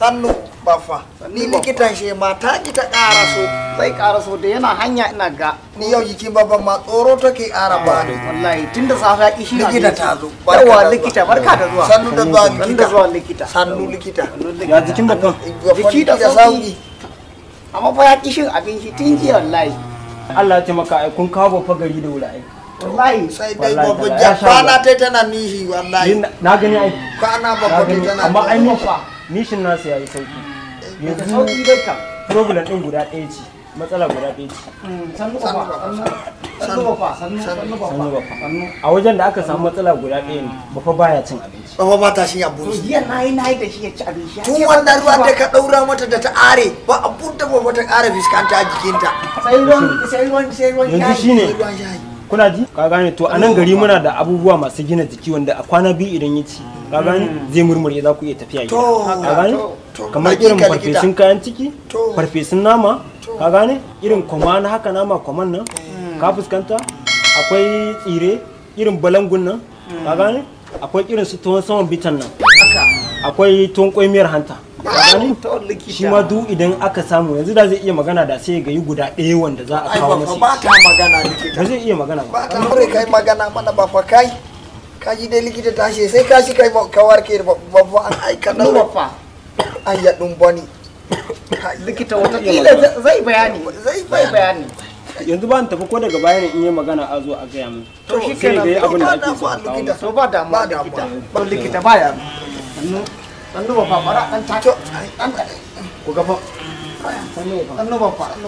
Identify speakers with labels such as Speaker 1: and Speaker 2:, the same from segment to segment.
Speaker 1: sannu bafa ni likitan shi mata ki ta karaso zai so da yana hanya ina ga ni yau jiki babban ma tsoro take kara ba ne eh, wallahi tunda safa ki shi likita ta zo yawa likita barka da zuwa sannu da zuwa likita da zuwa likita sannu likita ya
Speaker 2: jikin babban jiki da sauki amma fa ya kishin abin shi tun jiya wallahi Allah ya taimaka ai kun kawo babba gari da wuri ai wallahi sai dai ja kwana
Speaker 1: tai tana nihi wallahi na gani ai kwana babba tai tana amma ai
Speaker 2: mafa nishin nasu ya yi sauki yanzu problem din guda ɗaya ce matsala guda ɗaya ce a wajen da aka samu matsala guda ɗaya ne bafa baya cin abinci bafa ba ta shi abu jiya
Speaker 1: na yi na yi da shi ya ci abinci tun wannan ruwa da ka ɗaura mata da ta are ba abun da ba ta ƙara fiskanta a jikinta sai ruwan sai ruwan sai ruwan yanzu shine
Speaker 2: kuna ji ka gane to a nan gari muna da abubuwa masu gina jiki wanda a kwana biyu idan ya ci ka gane hmm. zai murmure za ku iya tafiya gida ka gane kamar irin farfesun kayan ciki farfesun nama ka gane irin kwama na haka nama kwaman nan hmm. ka fuskanta akwai tsire irin balangun nan ka hmm. gane akwai irin su tuwon saman bitan nan akwai tuwon miyar hanta shi ma duk idan aka samu yanzu da zai iya magana da sai ga yi guda ɗaya wanda za a kawo masa ba ka magana likita ba zai iya magana ba ka kure kai magana mana ba fa kai
Speaker 1: ka ji dai likita ta shi sai ka shi kai ka warke ba an aika ba fa an ya dumbani
Speaker 2: likita wata kila zai bayani zai bayani yanzu ba tafi ko daga bayan in yi magana a zo a gaya mu to shi kenan abin da ake so to ba damuwa likita ba likita
Speaker 1: sannu babba fara dan taco
Speaker 2: dan kada ku ga fa sannu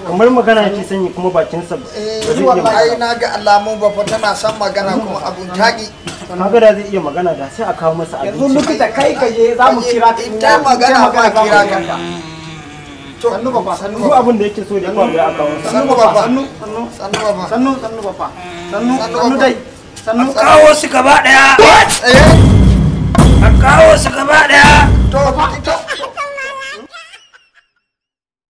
Speaker 2: kamar magana yake sanyi kuma bakin sa eh wallahi
Speaker 1: na ga alamun babba tana san magana kuma abun tagi
Speaker 2: kaga da zai iya magana da sai a kawo masa abinci yanzu likita
Speaker 1: kai ka je za mu kira ka ita magana ba kira ka to sannu babba sannu duk abin
Speaker 2: da yake so da kuma ya kawo sannu babba sannu
Speaker 1: sannu fa sannu sannu babba sannu sannu dai
Speaker 2: sannu kawo su gaba daya kau dah.